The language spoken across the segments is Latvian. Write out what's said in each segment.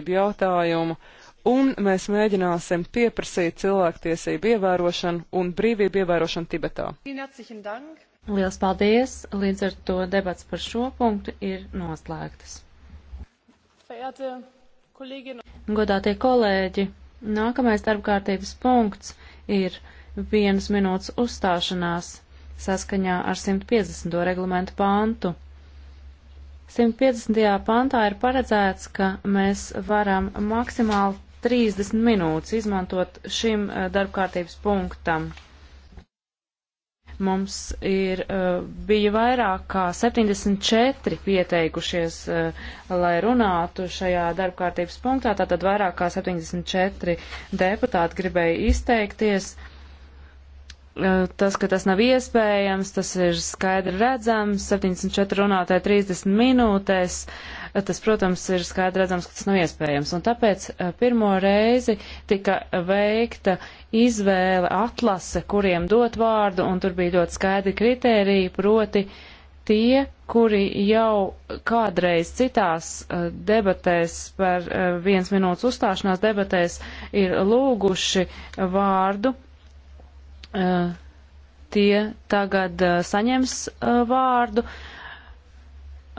jautājumu, un mēs mēģināsim pieprasīt cilvēktiesību ievērošanu un brīvību ievērošanu Tibetā. Liels paldies! Līdz ar to debats par šo punktu ir noslēgtas. Godātie kolēģi, nākamais darbkārtības punkts ir vienas minūtes uzstāšanās saskaņā ar 150. reglamentu pāntu. 150. pantā ir paredzēts, ka mēs varam maksimāli 30 minūtes izmantot šim eh, darbkārtības punktam. Mums ir, eh, bija vairāk kā 74 pieteikušies, eh, lai runātu šajā darbkārtības punktā, tātad vairāk kā 74 deputāti gribēja izteikties. Uh, tas, ka tas nav iespējams, tas ir skaidri redzams, 74 runātāji 30 minūtēs, tas, protams, ir skaidri redzams, ka tas nav iespējams. Un tāpēc pirmo reizi tika veikta izvēle atlase, kuriem dot vārdu, un tur bija ļoti skaidri kritēriji, proti tie, kuri jau kādreiz citās debatēs par viens minūtes uzstāšanās debatēs ir lūguši vārdu Eh, tie tagad eh, saņems eh, vārdu,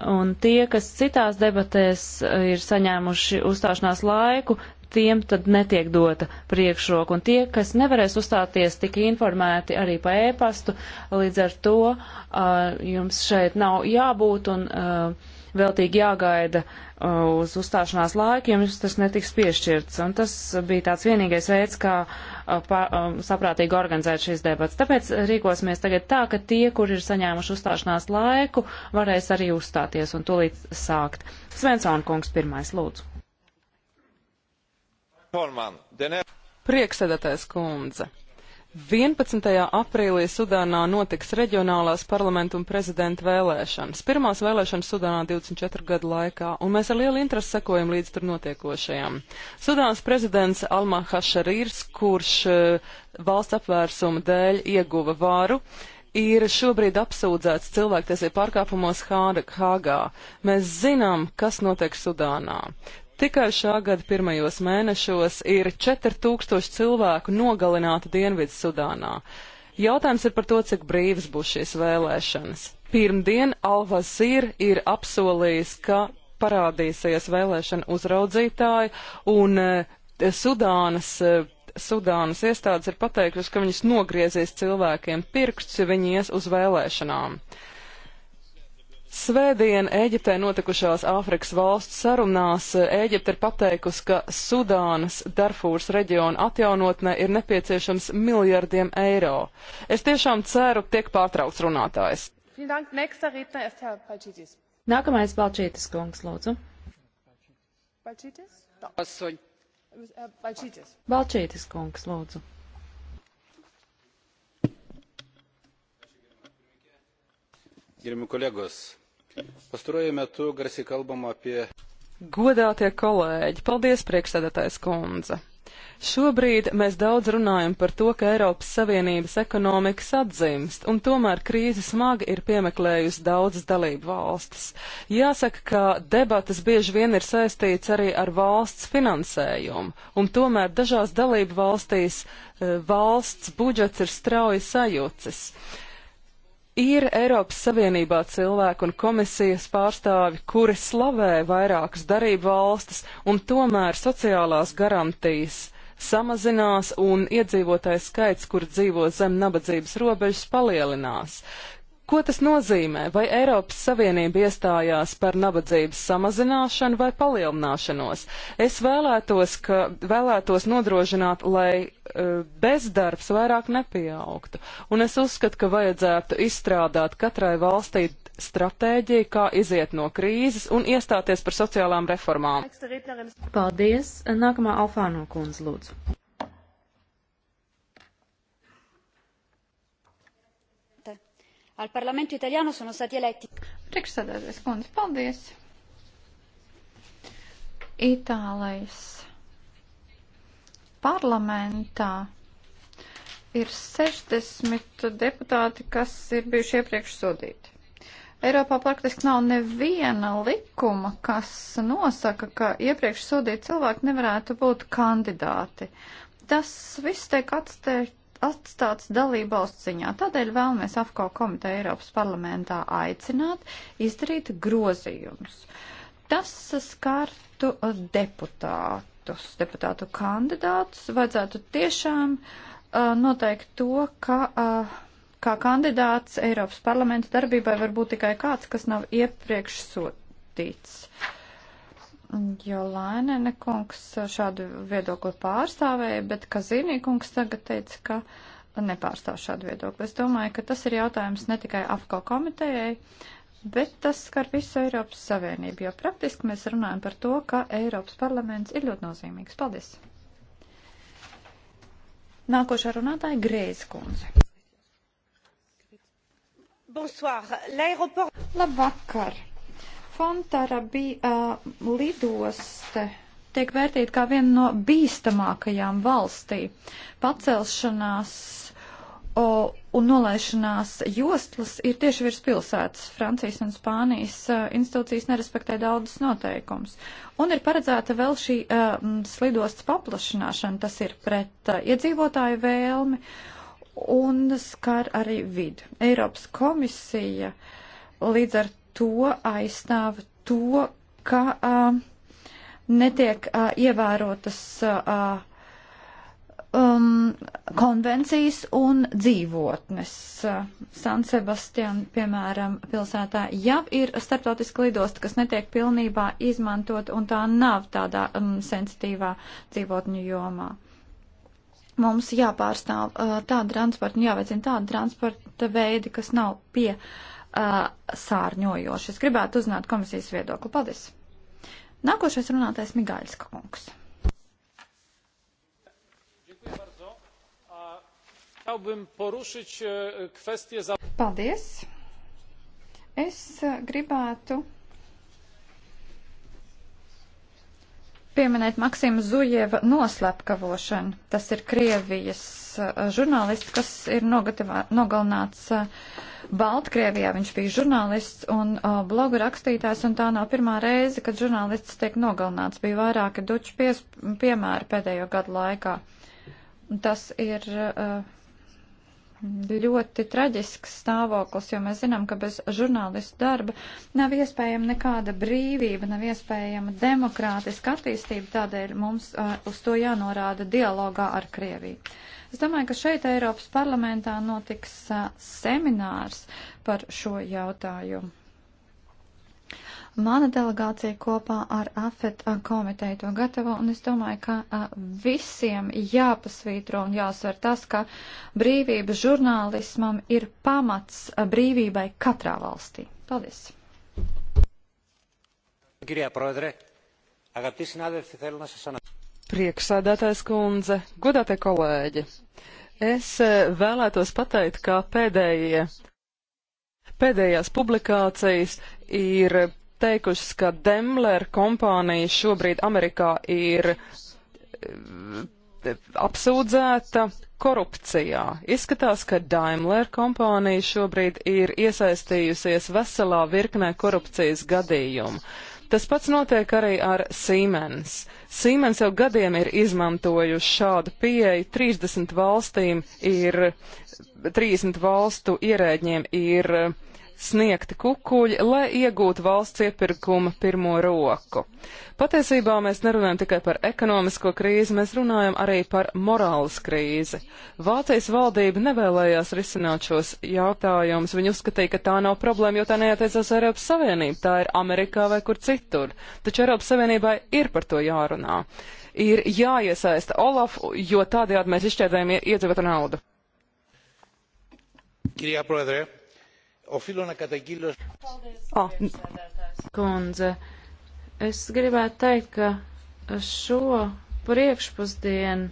un tie, kas citās debatēs ir saņēmuši uzstāšanās laiku, tiem tad netiek dota priekšroka, un tie, kas nevarēs uzstāties, tika informēti arī pa ēpastu, līdz ar to uh, jums šeit nav jābūt un uh, veltīgi jāgaida uh, uz uzstāšanās laiku, jums tas netiks piešķirts, un tas bija tāds vienīgais veids, kā uh, Uh, pa, um, saprātīgi organizēt šīs debats. Tāpēc rīkosimies tagad tā, ka tie, kur ir saņēmuši uzstāšanās laiku, varēs arī uzstāties un tūlīt sākt. Svensona kungs pirmais lūdzu. Priekšsēdētājs kundze. 11. aprīlī Sudānā notiks reģionālās parlamentu un prezidenta vēlēšanas. Pirmās vēlēšanas Sudānā 24 gadu laikā, un mēs ar lielu interesi sekojam līdz tur notiekošajam. Sudānas prezidents Almā Hašarīrs, kurš eh, valsts apvērsuma dēļ ieguva varu, ir šobrīd apsūdzēts cilvēktiesību pārkāpumos Hāgā. Mēs zinām, kas notiek Sudānā. Tikai šā gada pirmajos mēnešos ir 4000 cilvēku nogalināti Dienvidu Sudānā. Jautājums ir par to, cik brīvas būs šīs vēlēšanas. Pirmdien Al-Vasir ir apsolījis, ka parādīsies vēlēšana uzraudzītāji, un eh, Sudānas eh, Sudānas iestādes ir pateikušas, ka viņas nogriezīs cilvēkiem pirksts, ja viņi ies uz vēlēšanām. Svētdien Ēģiptē notikušās Āfrikas valsts sarunās eh, Ēģipte ir pateikusi, ka Sudānas Darfūras reģiona atjaunotne ir nepieciešams miljardiem eiro. Es tiešām ceru, tiek pārtraukts runātājs. Nākamais Balčītis kungs, lūdzu. Balčītis, Balčītis äh, kungs, lūdzu. Gerbiami kolegos, Pastarojame metu garsiai kalbama apie. Godātie kolēģi, paldies priekšsēdētājs kundze. Šobrīd mēs daudz runājam par to, ka Eiropas Savienības ekonomikas atdzimst, un tomēr krīze smagi ir piemeklējusi daudzas dalību valstis. Jāsaka, ka debatas bieži vien ir saistīts arī ar valsts finansējumu, un tomēr dažās dalību valstīs eh, valsts budžets ir strauji sajucis. Uh, Ir Eiropas Savienībā cilvēku un komisijas pārstāvi, kuri slavē vairākas darību valstis, un tomēr sociālās garantijas samazinās un iedzīvotājs skaits, kur dzīvo zem nabadzības robežas, palielinās. Ko tas nozīmē? Vai Eiropas Savienība iestājās par nabadzības samazināšanu vai palielināšanos? Es vēlētos, ka, vēlētos nodrošināt, lai uh, bezdarbs vairāk nepieaugtu. Un es uzskatu, ka vajadzētu izstrādāt katrai valstī stratēģiju, kā iziet no krīzes un iestāties par sociālām reformām. Paldies. Nākamā Alfāno kundze, lūdzu. al Parlamento italiano sono stati eletti. Priekšsēdētājs kundze, paldies! Itālijas parlamentā ir 60 deputāti, kas ir bijuši iepriekš sodīti. Eiropā praktiski nav neviena likuma, kas nosaka, ka iepriekš sodīti cilvēki nevarētu būt kandidāti. Tas viss tiek atsteikt atstāts dalībvalsts ziņā. Tādēļ vēlamies AFCO komiteju Eiropas parlamentā aicināt izdarīt grozījumus. Tas skartu uh, deputātus, deputātu kandidātus. Vajadzētu tiešām uh, noteikt to, ka. Uh, kā kandidāts Eiropas parlamenta darbībai var būt tikai kāds, kas nav iepriekš sodīts. Uh, Jo Lainene kungs šādu viedokli pārstāvēja, bet Kazīnī kungs tagad teica, ka nepārstāv šādu viedokli. Es domāju, ka tas ir jautājums ne tikai AFKO komitejai, bet tas skar visu Eiropas Savienību, jo praktiski mēs runājam par to, ka Eiropas parlaments ir ļoti nozīmīgs. Paldies! Nākošā runātāja Grēza kundze. Bonsoir, l'aéroport. Labvakar! Fontara bija uh, lidoste tiek vērtīta kā viena no bīstamākajām valstī. Pacelšanās o, un nolaišanās jostlas ir tieši virs pilsētas. Francijas un Spānijas uh, institūcijas nerespektē daudzas noteikums. Un ir paredzēta vēl šī uh, slidostas paplašināšana, tas ir pret uh, iedzīvotāju vēlmi un skar arī vidu. Eiropas komisija līdz ar to aizstāv to, ka uh, netiek uh, ievērotas uh, um, konvencijas un dzīvotnes. San Sebastian, piemēram, pilsētā jau ir starptautiska lidosta, kas netiek pilnībā izmantot, un tā nav tādā um, sensitīvā dzīvotņu jomā. Mums jāpārstāv uh, tāda transporta un jāveicina tāda transporta veidi, kas nav pie. Uh, uh, sārņojoši. Es gribētu uzzināt komisijas viedokli. Paldies! Nākošais runātais Migaļska kungs. E, Paldies! Es e, gribētu pieminēt Maksima Zujeva noslepkavošanu. Tas ir Krievijas eh, žurnālists, kas ir nogatavā, nogalināts eh, Baltkrievijā. Viņš bija žurnālists un eh, blogu rakstītājs, un tā nav pirmā reize, kad žurnālists tiek nogalināts. Bija vairāki duču pies, piemēri pēdējo gadu laikā. Tas ir. Uh, ļoti traģisks stāvoklis, jo mēs zinām, ka bez žurnālistu darba nav iespējama nekāda brīvība, nav iespējama demokrātiska attīstība, tādēļ mums uh, uz to jānorāda dialogā ar Krieviju. Es domāju, ka šeit Eiropas parlamentā notiks uh, seminārs par šo jautājumu. Mana delegācija kopā ar AFET komiteju to gatavo, un es domāju, ka visiem jāpasvītro un jāsver tas, ka brīvība žurnālismam ir pamats brīvībai katrā valstī. Paldies! Prieksēdētājs kundze, godātie kolēģi! Es e, vēlētos pateikt, ka pēdējie, pēdējās publikācijas ir teikušas, ka Daimler kompānija šobrīd Amerikā ir eh, apsūdzēta korupcijā. Izskatās, ka Daimler kompānija šobrīd ir iesaistījusies veselā virknē korupcijas gadījumu. Tas pats notiek arī ar Siemens. Siemens jau gadiem ir izmantojuši šādu pieeju. 30 valstīm ir, 30 valstu ierēģiem ir sniegti kukuļi, lai iegūtu valsts iepirkuma pirmo roku. Patiesībā mēs nerunājam tikai par ekonomisko krīzi, mēs runājam arī par morāles krīzi. Vācijas valdība nevēlējās risināt šos jautājumus. Viņa uzskatīja, ka tā nav problēma, jo tā neatiecas Eiropas Savienību, tā ir Amerikā vai kur citur. Taču Eiropas Savienībai ir par to jārunā. Ir jāiesaista Olaf, jo tādējādi mēs izšķērdējam iedzīvotu naudu. Kirjā, proedrē. Οφείλω να καταγγείλω. Oh. Kundze, es gribētu teikt, ka šo priekšpusdienu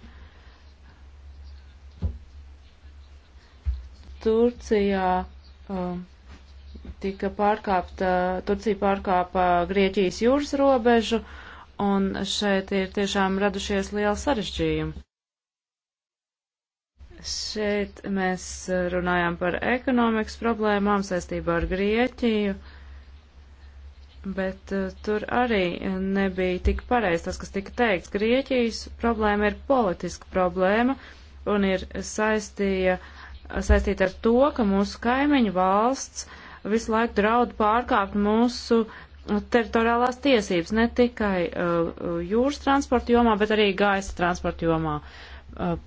Turcijā um, tika pārkāpta, Turcija pārkāpa Grieķijas jūras robežu, un šeit ir tiešām radušies liela sarežģījuma. Šeit mēs runājām par ekonomikas problēmām saistībā ar Grieķiju, bet uh, tur arī nebija tik pareizi tas, kas tika teikts. Grieķijas problēma ir politiska problēma un ir saistīja, saistīta ar to, ka mūsu kaimiņu valsts visu laiku draud pārkāpt mūsu teritoriālās tiesības ne tikai uh, jūras transporta jomā, bet arī gaisa transporta jomā. Uh,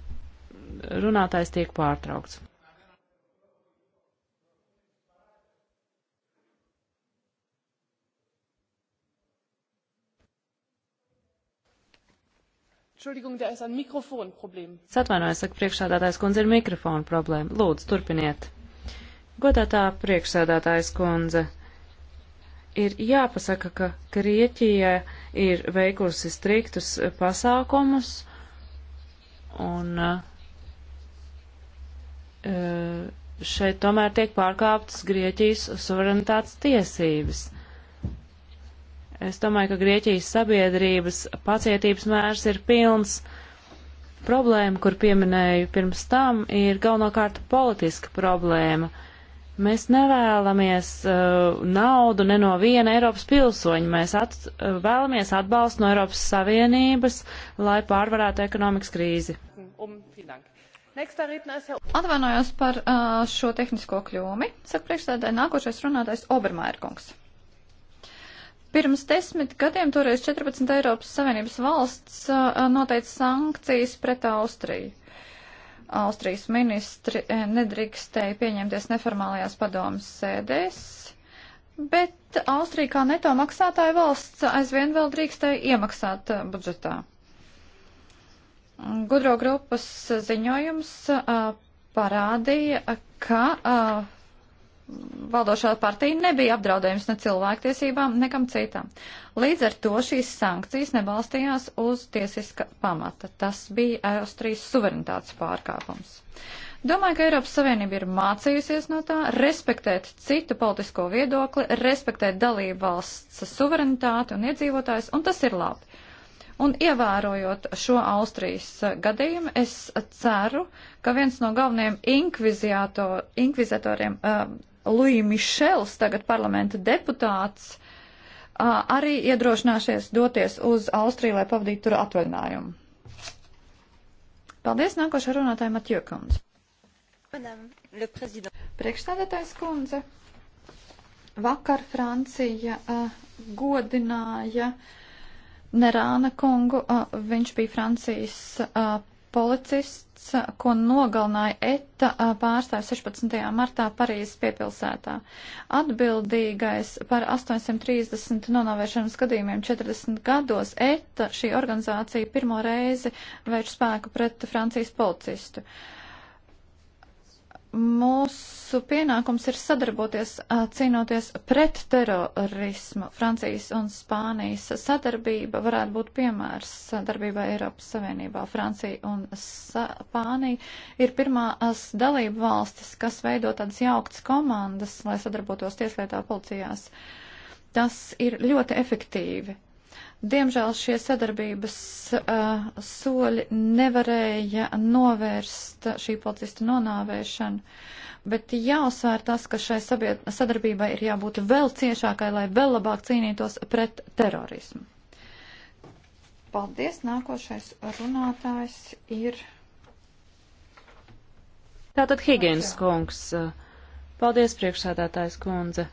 runātājs tiek pārtraukts. Es atvainojos, saka priekšsādātājs kundze, ir mikrofona problēma. Lūdzu, turpiniet. Godātā priekšsādātājs kundze, ir jāpasaka, ka Grieķija ir veikusi striktus pasākumus un uh, Eh, šeit tomēr tiek pārkāptas Grieķijas suverenitātes tiesības. Es domāju, ka Grieķijas sabiedrības pacietības mērs ir pilns. Problēma, kur pieminēju pirms tam, ir galvenokārt politiska problēma. Mēs nevēlamies uh, naudu ne no viena Eiropas pilsoņa, mēs at, uh, vēlamies atbalstu no Eiropas Savienības, lai pārvarētu ekonomikas krīzi. Um, Atvainojos par uh, šo tehnisko kļūmi. Saka priekšstādāji nākošais runātais Obermairkungs. Pirms desmit gadiem toreiz 14 Eiropas Savienības valsts uh, noteica sankcijas pret Austriju. Austrijas ministri eh, nedrīkstēja pieņemties neformālajās padomas sēdēs, bet Austrija kā neto maksātāja valsts aizvien vēl drīkstēja iemaksāt eh, budžetā. Gudro grupas ziņojums parādīja, ka valdošā partija nebija apdraudējums ne cilvēktiesībām, nekam citam. Līdz ar to šīs sankcijas nebalstījās uz tiesiska pamata. Tas bija Austrijas suverenitātes pārkāpums. Domāju, ka Eiropas Savienība ir mācījusies no tā, respektēt citu politisko viedokli, respektēt dalību valsts suverenitāti un iedzīvotājs, un tas ir labi. Un ievērojot šo Austrijas eh, gadījumu, es ceru, ka viens no galvenajiem inkvizitoriem, uh, Louis Michels, tagad parlamenta deputāts, uh, arī iedrošināšies doties uz Austriju, lai pavadītu tur atvaļinājumu. Paldies, nākošā runātāja Matjokums. Priekšstādātājs kundze, vakar Francija uh, godināja uh, Nerāna kungu, uh, viņš bija Francijas uh, policists, uh, ko nogalināja ETA uh, pārstāvis 16. martā Parīzes piepilsētā. Atbildīgais par 830 nonāvēšanas gadījumiem 40 gados ETA šī organizācija pirmo reizi vērš spēku pret Francijas policistu. Uh, Mūsu pienākums ir sadarboties, cīnoties pret terorismu. Francijas un Spānijas sadarbība varētu būt piemērs sadarbībai Eiropas Savienībā. Francija un Spānija ir pirmās dalību valstis, kas veido tādas jauktas komandas, lai sadarbotos tieslietā policijās. Tas ir ļoti efektīvi Diemžēl šie sadarbības uh, soļi nevarēja novērst šī policista nonāvēšanu, bet jāuzsvēr tas, ka šai sabied... sadarbībai ir jābūt vēl ciešākai, lai vēl labāk cīnītos pret terorismu. Paldies, nākošais runātājs ir. Tātad Higgins kungs. Paldies, priekšsādātājs kundze.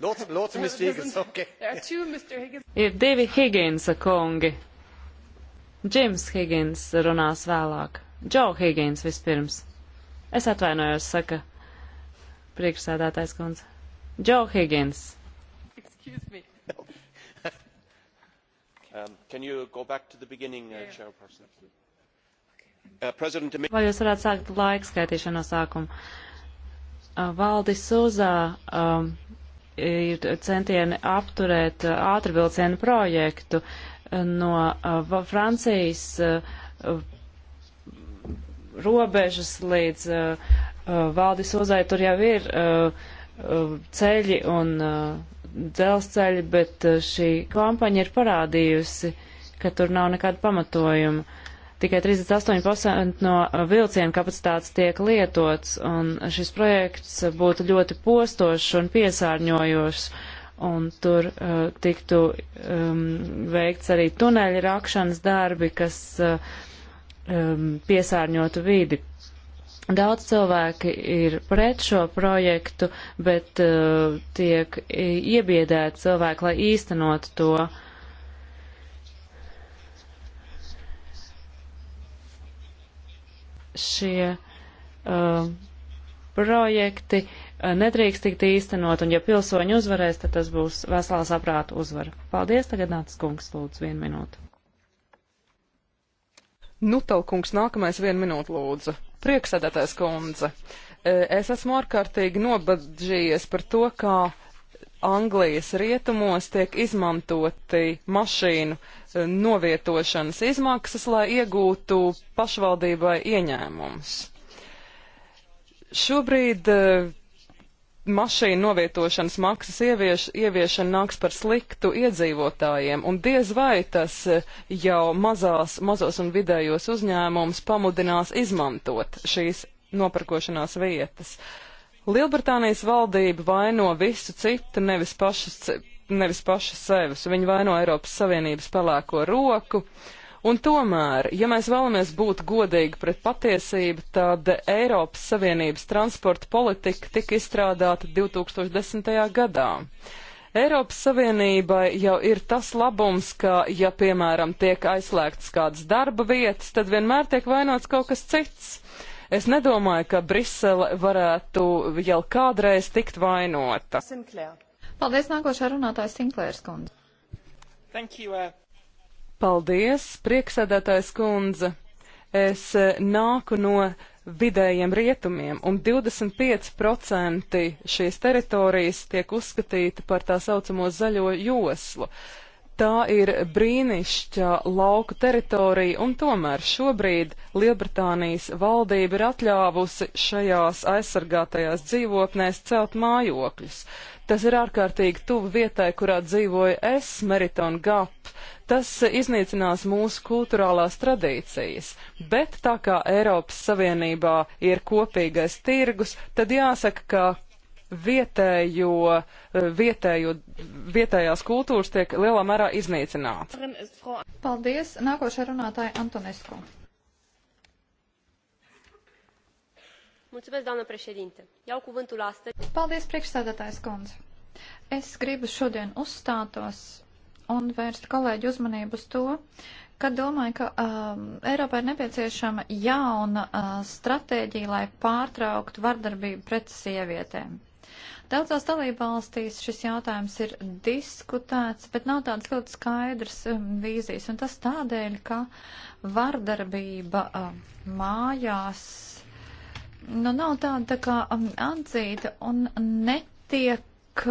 Lots of, lots of Mr. Higgins. Okay. There are two Mr. Higgins. Ir divi Higginsa kungi. Džims Higgins runās vēlāk. Džo Higgins vispirms. Es atvainojos, saka priekšsēdētājs kundze. Džo Higgins. Excuse me. um, can you go back to the beginning, uh, yeah. chairperson? Uh, President... Vai jūs varētu sākt laikskaitīšanu no sākuma? Uh, Valdis Sūzā um, ir centieni apturēt uh, ātrvilcienu projektu uh, no uh, Francijas robežas līdz Valdis Uzai. Tur jau ir ceļi un dzelzceļi, bet šī kampaņa ir parādījusi, ka tur nav nekāda pamatojuma tikai 38% no uh, vilcienu kapacitātes tiek lietots, un šis projekts būtu ļoti postošs un piesārņojošs, un tur uh, tiktu um, veikts arī tuneļa rakšanas darbi, kas uh, um, piesārņotu vidi. Daudz cilvēki ir pret šo projektu, bet uh, tiek iebiedēti cilvēki, lai īstenotu to. Uh, šie uh, projekti uh, nedrīkst tikt īstenot, un ja pilsoņi uzvarēs, tad tas būs veselā saprāta uzvara. Paldies, tagad nāc kungs, lūdzu, vienu minūtu. Nu, tev, kungs, nākamais vienu minūtu, lūdzu. Prieksēdētājs kundze. Eh, es esmu ārkārtīgi nobadžījies par to, kā Anglijas rietumos tiek izmantoti mašīnu eh, novietošanas izmaksas, lai iegūtu pašvaldībai ieņēmumus. Šobrīd eh, mašīnu novietošanas maksas ievieš, ieviešana nāks par sliktu iedzīvotājiem, un diez vai tas eh, jau mazās, mazos un vidējos uzņēmumus pamudinās izmantot šīs nopirkošanās vietas. Uh, Lielbritānijas valdība vaino visu citu, nevis pašas, nevis pašas sevis. Viņi vaino Eiropas Savienības pelēko roku. Un tomēr, ja mēs vēlamies būt godīgi pret patiesību, tad Eiropas Savienības transporta politika tika izstrādāta 2010. gadā. Eiropas Savienībai jau ir tas labums, ka, ja, piemēram, tiek aizslēgts kādas darba vietas, tad vienmēr tiek vainots kaut kas cits. Es nedomāju, ka Brisele varētu jau kādreiz tikt vainota. Sinclair. Paldies, nākošā runātāja Sinklērs kundze. Thank you, uh... Paldies, prieksēdētājs kundze. Es uh, nāku no vidējiem rietumiem, un 25% šīs teritorijas tiek uzskatīta par tā saucamo zaļo joslu. Uh, Tā ir brīnišķa lauka teritorija, un tomēr šobrīd Lielbritānijas valdība ir atļāvusi šajās aizsargātajās dzīvotnēs celt mājokļus. Tas ir ārkārtīgi tuvu vietai, kurā dzīvoju es, Meriton Gap. Tas iznīcinās mūsu kultūrālās tradīcijas, bet tā kā Eiropas Savienībā ir kopīgais tirgus, tad jāsaka, ka vietējo, vietējo, vietējās kultūras tiek lielā mērā iznīcināts. Paldies. Nākošai runātāji Antonesku. Mulțumesc, doamnă președinte. Iau cuvântul astăzi. Paldies, priekšsēdētājs kundze. Es gribu šodien uzstātos un vērst kolēģi uzmanību uz to, ka domāju, ka um, Eiropai ir nepieciešama jauna uh, stratēģija, lai pārtrauktu vardarbību pret sievietēm. Daudzās dalībvalstīs šis jautājums ir diskutēts, bet nav tādas ļoti skaidras um, vīzijas, un tas tādēļ, ka vardarbība um, mājās nu, nav tāda tā kā um, atzīta un netiek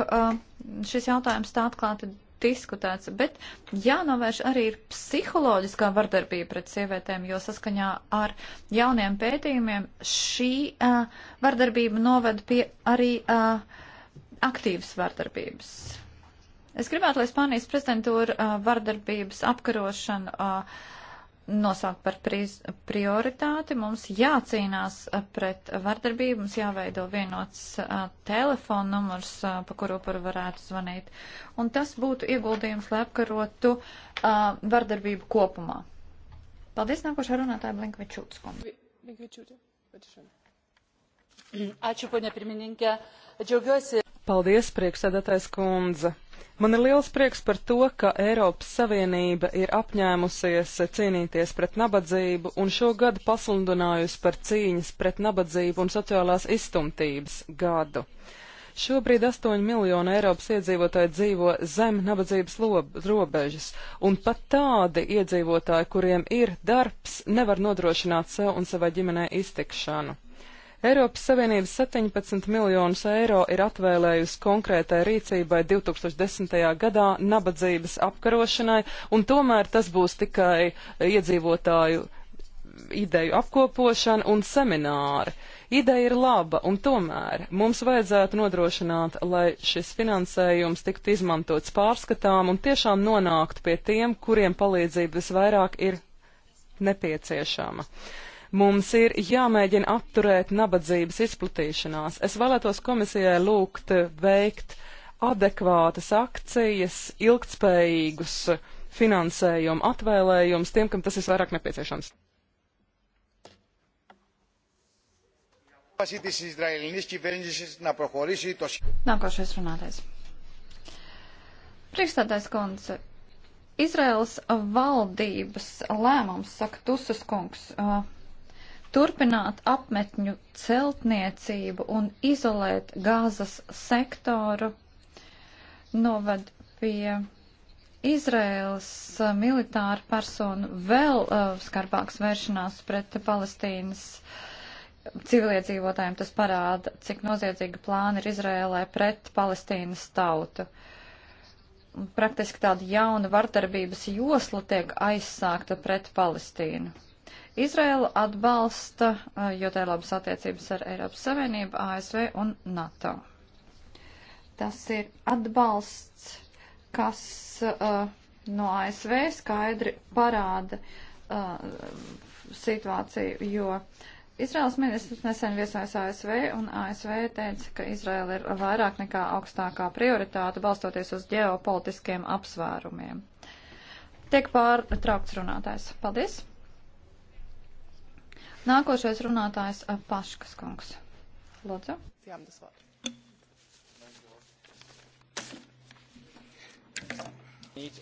šis jautājums tā atklāti diskutēts, bet jānovērš arī ir psiholoģiskā vardarbība pret sievietēm, jo saskaņā ar jauniem pētījumiem šī uh, vardarbība noved pie arī uh, aktīvas vardarbības. Es gribētu, lai Spānijas prezidentūra uh, vardarbības apkarošana. Uh, nosaukt par prioritāti. Mums jācīnās uh, pret vardarbību, mums jāveido vienots uh, telefona numurs, uh, pa kuru par varētu zvanīt. Un tas būtu ieguldījums, lai apkarotu a, vardarbību kopumā. Paldies, nākošā runātāja Blinkvičūtas kundze. Ačiū, poņa pirmininkė. Džiaugiuosi. Paldies, priekšsēdētājs kundze. Man ir liels prieks par to, ka Eiropas Savienība ir apņēmusies cīnīties pret nabadzību un šogad pasludinājusi par cīņas pret nabadzību un sociālās izstumtības gadu. Šobrīd 8 miljoni Eiropas iedzīvotāji dzīvo zem nabadzības robežas, un pat tādi iedzīvotāji, kuriem ir darbs, nevar nodrošināt sev un savai ģimenei iztikšanu. Eiropas Savienības 17 miljonus eiro ir atvēlējusi konkrētai rīcībai 2010. gadā nabadzības apkarošanai, un tomēr tas būs tikai iedzīvotāju ideju apkopošana un semināri. Ideja ir laba, un tomēr mums vajadzētu nodrošināt, lai šis finansējums tiktu izmantots pārskatām un tiešām nonāktu pie tiem, kuriem palīdzība visvairāk ir nepieciešama. Uh, Mums ir jāmēģina apturēt nabadzības izplatīšanās. Es vēlētos komisijai lūgt veikt adekvātas akcijas, ilgtspējīgus finansējumu atvēlējumus tiem, kam tas ir vairāk nepieciešams. Nākošais runātais. Priekšstādājs kundze, Izraels valdības lēmums, saka Tusas kungs, uh, turpināt apmetņu celtniecību un izolēt gāzes sektoru noved pie Izraels uh, militāra persona vēl uh, skarbāks vēršanās pret Palestīnas civiliedzīvotājiem. Tas parāda, cik noziedzīga plāna ir Izrēlē pret Palestīnas tautu. Praktiski tāda jauna vardarbības josla tiek aizsākta pret Palestīnu. Izraela atbalsta, jo tā ir labas attiecības ar Eiropas Savienību, ASV un NATO. Tas ir atbalsts, kas uh, no ASV skaidri parāda uh, situāciju, jo Izraels ministrs nesen viesojas ASV un ASV teica, ka Izraela ir vairāk nekā augstākā prioritāte balstoties uz ģeopolitiskiem apsvērumiem. Tiek pārtraukts runātājs. Paldies! Nākošais runātājs eh, Paškas kungs. Lūdzu. Jā, tas var.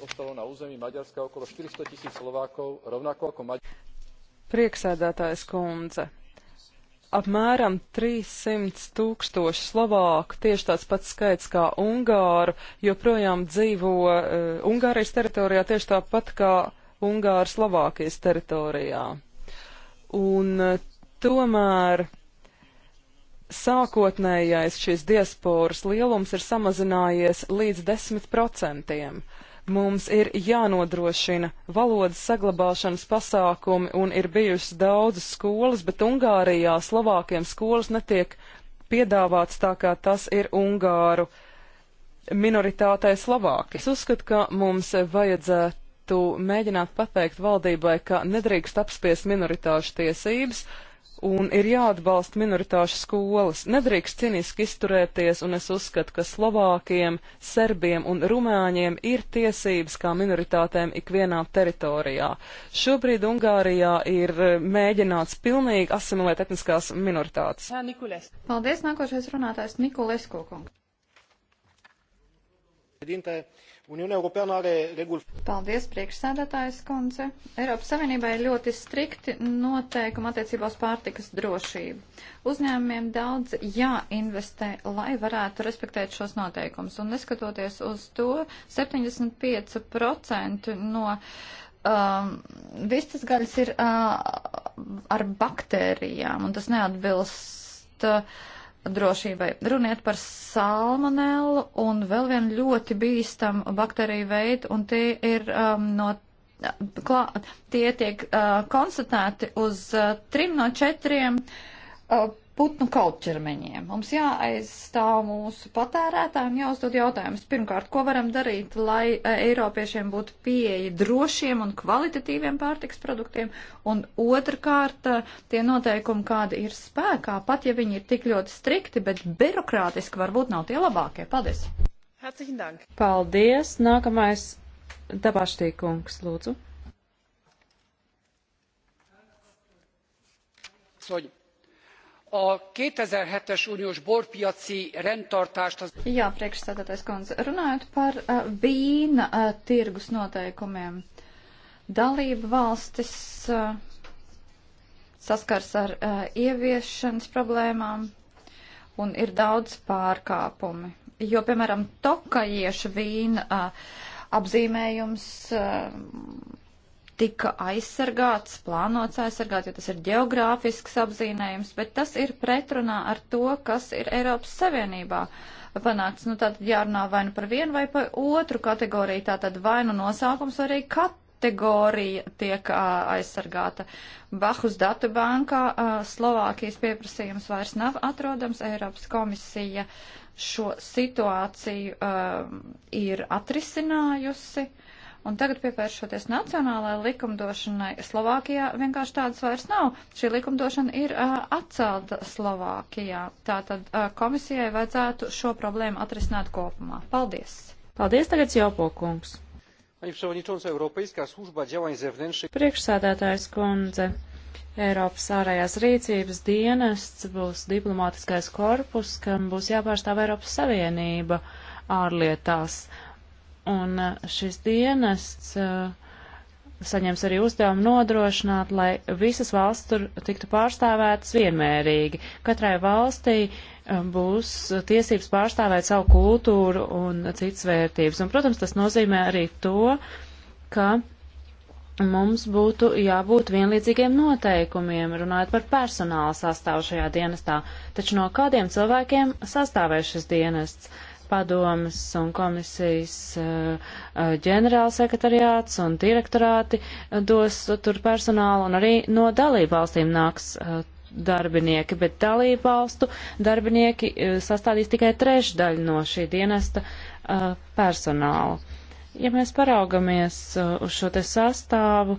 ostalo na území Maďarska okolo 400 tisíc Slovákov, rovnako ako Maďarska. Prieksēdētājs kundze, apmēram 300 tūkstoši Slovāku, tieši tāds pats skaits kā Ungāru, joprojām dzīvo uh, Ungārijas teritorijā tieši tāpat kā Ungāra Slovākijas teritorijā. Un eh, tomēr sākotnējais šīs diasporas lielums ir samazinājies līdz 10%. Mums ir jānodrošina valodas saglabāšanas pasākumi un ir bijušas daudzas skolas, bet Ungārijā Slovākiem skolas netiek piedāvāts tā, kā tas ir Ungāru minoritātei Slovāki. Es uzskatu, ka mums vajadzētu varētu mēģināt pateikt valdībai, ka nedrīkst apspies minoritāšu tiesības un ir jāatbalsta minoritāšu skolas. Nedrīkst ciniski izturēties, un es uzskatu, ka Slovākiem, Serbiem un Rumāņiem ir tiesības kā minoritātēm ikvienā teritorijā. Šobrīd Ungārijā ir e, mēģināts pilnīgi asimilēt etniskās minoritātes. Jā, Nikules. Paldies, nākošais runātājs Nikolesku kungs. Uniunea Europeană are reguli. Paldies, priekšsēdētājs kundze. Eiropas Savienībai ir ļoti strikti noteikumi attiecībā uz pārtikas drošību. Uzņēmumiem daudz jāinvestē, lai varētu respektēt šos noteikumus. Un neskatoties uz to, 75% no um, vistas gaļas ir uh, ar baktērijām, un tas neatbilst. Uh, drošībai. Runiet par salmonellu un vēl vienu ļoti bīstamu baktēriju veidu, un tie ir um, no. Klā, tie tiek uh, konstatēti uz uh, trim no četriem uh, putnu kautķermeņiem. Mums jāaizstāv mūsu patērētājiem, jāuzdod jautājums. Pirmkārt, ko varam darīt, lai e, eiropiešiem būtu pieeja drošiem un kvalitatīviem pārtiks produktiem? Un otrkārt, e, tie noteikumi, kādi ir spēkā, pat ja viņi ir tik ļoti strikti, bet birokrātiski varbūt nav tie labākie. Paldies! Paldies! Nākamais Dabaštīkungs, lūdzu. Soļi a two thousand and seven es uniós borpiaci rendtartást az. Jā, priekšstādātais kundze, runājot par uh, vīna uh, tirgus noteikumiem, dalība valstis uh, saskars ar uh, ieviešanas problēmām un ir daudz pārkāpumi. Jo, piemēram, tokajieša vīna uh, apzīmējums. Uh, tika aizsargāts, plānots aizsargāt, jo tas ir geogrāfisks apzīmējums, bet tas ir pretrunā ar to, kas ir Eiropas Savienībā panākts. Nu, tātad jārunā vai nu par vienu vai par otru kategoriju, tātad vai nu nosaukums, vai arī kat kategorija tiek a, aizsargāta. Bahus datu bankā a, Slovākijas pieprasījums vairs nav atrodams. Eiropas komisija šo situāciju a, ir atrisinājusi. Un tagad pievēršoties nacionālajai likumdošanai, Slovākijā vienkārši tādas vairs nav. Šī likumdošana ir uh, atcelta Slovākijā. Tātad uh, komisijai vajadzētu šo problēmu atrisināt kopumā. Paldies! Paldies tagad Jopo kungs! Priekšsēdētājs kundze, Eiropas ārējās rīcības dienests būs diplomātiskais korpus, kam būs jāpārstāv Eiropas Savienība ārlietās. Uh, Un uh, šis dienests uh, saņems arī uzdevumu nodrošināt, lai visas valsts tur tiktu pārstāvētas vienmērīgi. Katrai valstī uh, būs tiesības pārstāvēt savu kultūru un citas vērtības. Un, protams, tas nozīmē arī to, ka mums būtu jābūt vienlīdzīgiem noteikumiem, runājot par personāla sastāvu šajā dienestā. Taču no kādiem cilvēkiem sastāvēs šis dienests? padomas un komisijas eh, eh, ģenerālsekretariāts un direktorāti eh, dos tur personālu un arī no dalību valstīm nāks darbinieki, bet dalību valstu darbinieki sastādīs tikai trešdaļu no šī dienesta personāla. Ja mēs paraugamies uz šo te sastāvu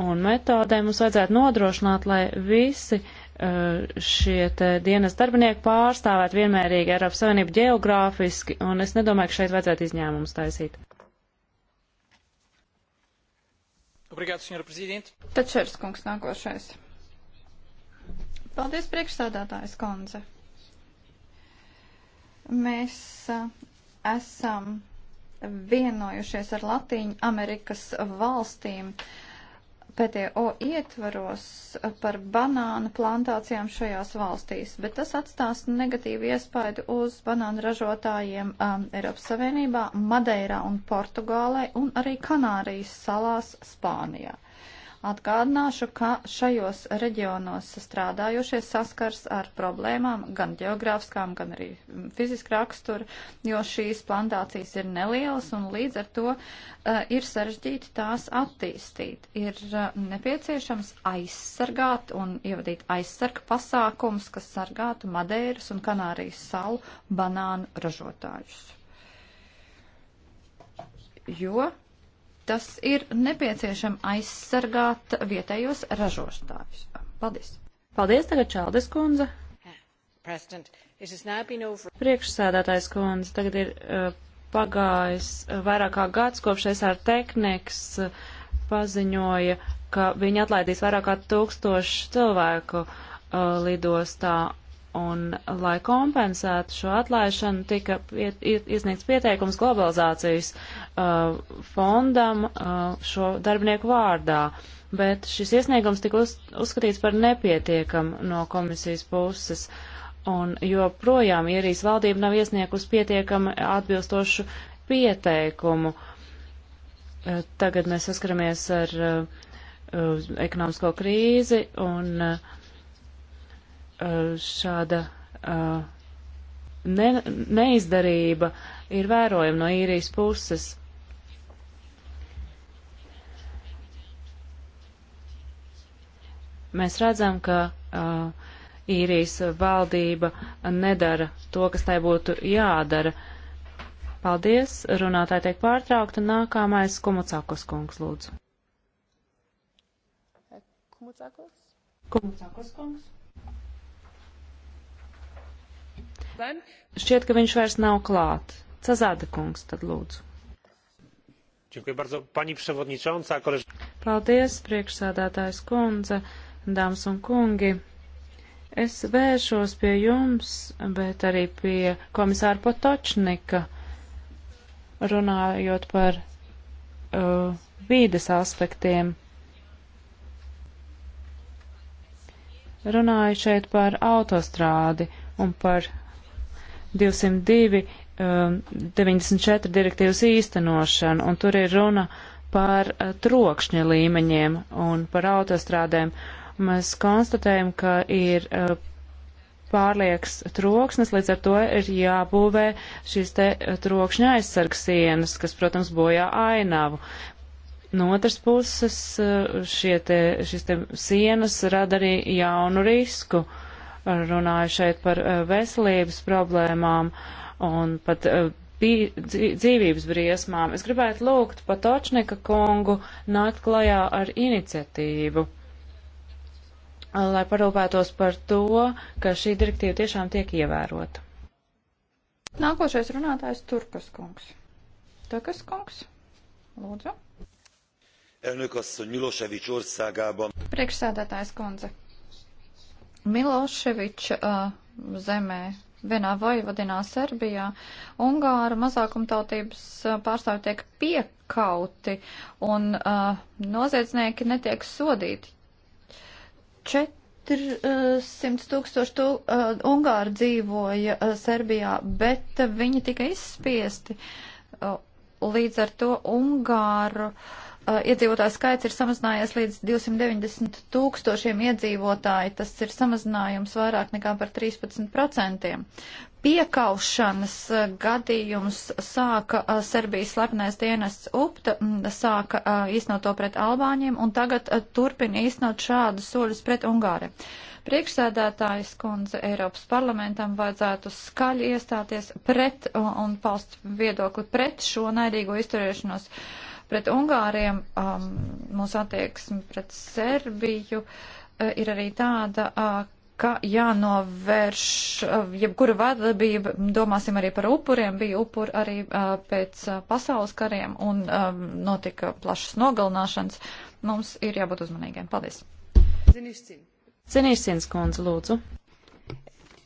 un metodēm, mums vajadzētu nodrošināt, lai visi uh, Eh, šie dienas darbinieki pārstāvēt vienmērīgi Eiropas Savienību geogrāfiski, un es nedomāju, ka šeit vajadzētu izņēmumus taisīt. Obrigāt, senjora prezidenta. Tačers kungs nākošais. Paldies, priekšsādātājs Konze. Mēs a, eh, esam vienojušies ar Latīņu Amerikas valstīm. Uh, PTO ietvaros par banānu plantācijām šajās valstīs, bet tas atstās negatīvu iespaidu uz banānu ražotājiem um, Eiropas Savienībā, Madeirā un Portugālē un arī Kanārijas salās Spānijā. Atgādināšu, ka šajos reģionos strādājošie saskars ar problēmām, gan geogrāfiskām, gan arī fiziski rakstura, jo šīs plantācijas ir nelielas un līdz ar to uh, ir sarežģīti tās attīstīt. Ir uh, nepieciešams aizsargāt un ievadīt aizsarga pasākums, kas sargātu Madeiras un Kanārijas salu banānu ražotājus. Jo tas ir nepieciešams aizsargāt vietējos ražotājus. Paldies! Paldies tagad Čaldes kundze! Over... Priekšsēdētājs kundze, tagad ir uh, pagājis uh, vairāk kā gads, kopš SR Technics uh, paziņoja, ka viņi atlaidīs vairāk kā tūkstošu cilvēku uh, lidostā, Un, lai kompensētu šo atlaišanu, tika piet, iesniegts pieteikums globalizācijas uh, fondam uh, šo darbinieku vārdā, bet šis iesniegums tika uz, uzskatīts par nepietiekam no komisijas puses, un joprojām ierīs valdība nav iesniegus pietiekami atbilstošu pieteikumu. Uh, tagad mēs saskaramies ar uh, uh ekonomisko krīzi un uh, Eh, šāda eh, ne, neizdarība ir vērojama no īrijas puses. Mēs redzam, ka uh, īrijas valdība nedara to, kas tai būtu jādara. Paldies, runātāji tiek pārtraukta. Nākamais Kumucakos kungs, lūdzu. Kumucakos? Kumucakos kungs. Šķiet, ka viņš vairs nav klāt. Cezāda kungs, tad lūdzu. Paldies, priekšsādātājs kundze, dāmas un kungi. Es vēršos pie jums, bet arī pie komisāra Potočnika, runājot par uh, vīdes aspektiem. runāju šeit par autostrādi un par 202, 94 um, direktīvas īstenošanu, un tur ir runa par uh, trokšņa līmeņiem un par autostrādēm. Mēs konstatējam, ka ir uh, pārlieks troksnes, līdz ar to ir jābūvē šīs te uh, trokšņa aizsargs sienas, kas, protams, bojā ainavu. No otras puses, šie te, šīs te sienas rada arī jaunu risku. Uh, runāju šeit par eh, veselības problēmām un pat eh, dzīvības briesmām. Es gribētu lūgt Patočnika kungu nākt klajā ar iniciatīvu, lai parūpētos par to, ka šī direktīva tiešām tiek ievērota. Nākošais runātājs Turkas kungs. Turkas kungs, lūdzu. Elnök asszony Milosevic országában. Priekšsēdētājs kundze. Miloševiča uh, zemē, vienā vojvadinā Serbijā, Ungāra mazākumtautības uh, pārstāvi tiek piekauti un uh, noziedznieki netiek sodīti. 400 tūkstoši tū, uh, Ungāri dzīvoja uh, Serbijā, bet uh, viņi tika izspiesti. Uh, līdz ar to Ungāru. Uh, Uh, iedzīvotāju skaits ir samazinājies līdz 290 tūkstošiem iedzīvotāju. Tas ir samazinājums vairāk nekā par 13%. Piekaušanas uh, gadījums sāka uh, Serbijas slepenais dienests UPTA, mm, sāka īstenot to pret Albāņiem un tagad turpina īstenot šādus soļus pret Ungāri. Priekšsēdētājas kundze Eiropas parlamentam vajadzētu skaļi iestāties pret un paust viedokli pret šo naidīgo izturēšanos. Uh, pret Ungāriem, um, mūsu attieksme pret Serbiju uh, ir arī tāda, uh, ka jānovērš uh, jebkura vardarbība, domāsim arī par upuriem, bija upuri arī uh, pēc uh, pasaules kariem un um, notika plašas nogalināšanas. Mums ir jābūt uzmanīgiem. Paldies. Zinīsins kundze, lūdzu.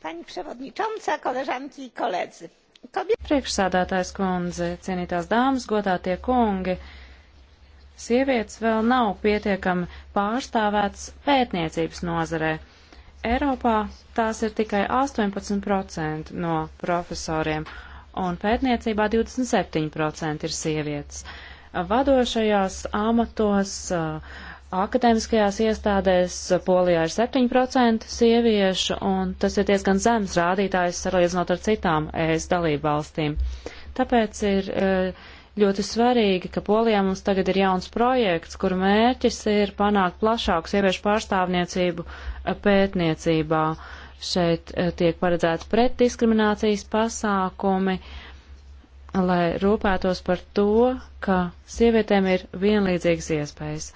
Pani przewodnicząca, koleżanki i koledzy Priekšsādātājs kundze, cienītās dāmas, godātie kungi, sievietes vēl nav pietiekami pārstāvētas pētniecības nozarē. Eiropā tās ir tikai 18% no profesoriem, un pētniecībā 27% ir sievietes. Vadošajās amatos uh, akadēmiskajās iestādēs Polijā ir 7% sieviešu, un tas ir diezgan zems rādītājs salīdzinot ar citām ES dalību valstīm. Tāpēc ir e, ļoti svarīgi, ka Polijā mums tagad ir jauns projekts, kur mērķis ir panākt plašāku sieviešu pārstāvniecību e, pētniecībā. Šeit e, tiek paredzēts pretdiskriminācijas pasākumi, lai rūpētos par to, ka sievietēm ir vienlīdzīgas iespējas.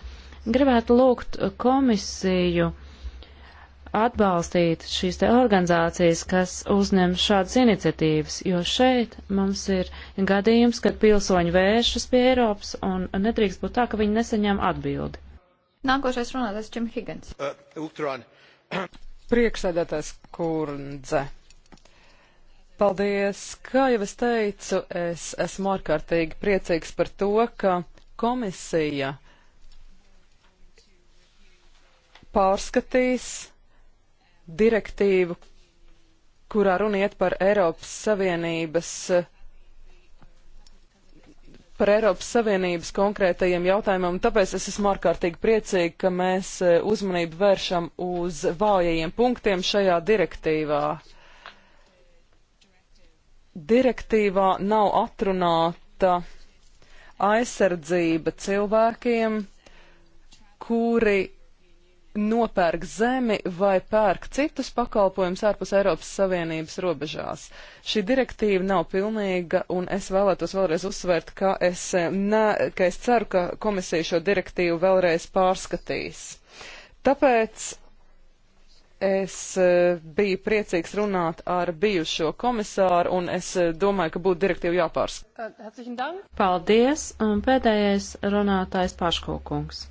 Gribētu lūgt komisiju atbalstīt šīs te organizācijas, kas uzņem šādas iniciatīvas, jo šeit mums ir gadījums, kad pilsoņi vēršas pie Eiropas un nedrīkst būt tā, ka viņi nesaņem atbildi. Nākošais runātājs Čim Higgins. Uh, Priekšsēdētājs Kurndze. Paldies! Kā jau es teicu, es esmu ārkārtīgi priecīgs par to, ka komisija uh, pārskatīs direktīvu, kurā runiet par Eiropas Savienības par Eiropas Savienības konkrētajiem jautājumiem, un tāpēc es esmu ārkārtīgi priecīgi, ka mēs e, uzmanību vēršam uz vājajiem punktiem šajā direktīvā. Direktīvā nav atrunāta aizsardzība cilvēkiem, kuri nopērk zemi vai pērk citus pakalpojumus ārpus Eiropas Savienības robežās. Šī direktīva nav pilnīga, un es vēlētos vēlreiz uzsvērt, ka es, ne, ka es ceru, ka komisija šo direktīvu vēlreiz pārskatīs. Tāpēc es e, biju priecīgs runāt ar bijušo komisāru, un es e, domāju, ka būtu direktīva jāpārskata. Paldies, un pēdējais runātājs Paškokungs.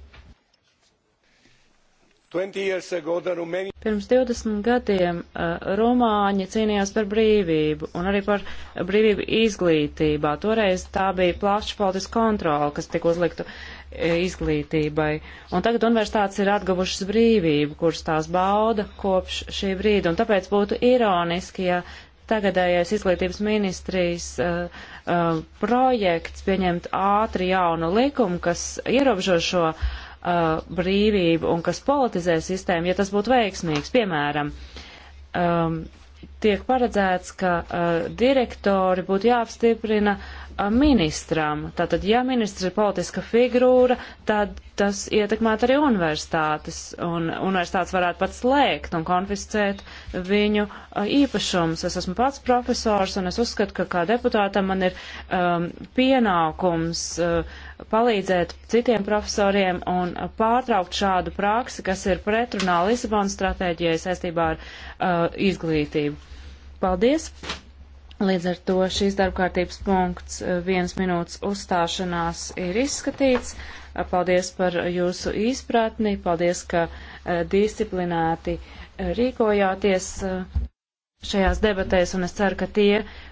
Pirms 20 gadiem eh, romāņi cīnījās par brīvību un arī par brīvību izglītībā. Toreiz tā bija plaša politiska kontrola, kas tika uzlikta eh, izglītībai. Un tagad universitātes ir atguvušas brīvību, kuras tās bauda kopš šī brīda. Un tāpēc būtu ironiski, ja tagadējais izglītības ministrijas uh, uh, projekts pieņemt ātri jaunu likumu, kas ierobežo šo uh, uh, brīvību un kas politizē sistēmu, ja tas būtu veiksmīgs. Piemēram, um, tiek paredzēts, ka uh, direktori būtu jāapstiprina uh, ministram. Tātad, ja ministrs ir politiska figūra, tad tas ietekmētu arī universitātes, un universitātes varētu pat slēgt un konfiscēt viņu uh, īpašums. Es esmu pats profesors, un es uzskatu, ka kā deputātam man ir um, pienākums uh, palīdzēt citiem profesoriem un pārtraukt šādu praksi, kas ir pretrunā Lisabonas stratēģijai saistībā ar uh, izglītību. Paldies! Līdz ar to šīs darbkārtības punkts uh, viens minūtes uzstāšanās ir izskatīts. Uh, paldies par jūsu izpratni, paldies, ka uh, disciplinēti rīkojāties šajās debatēs, un es ceru, ka tie,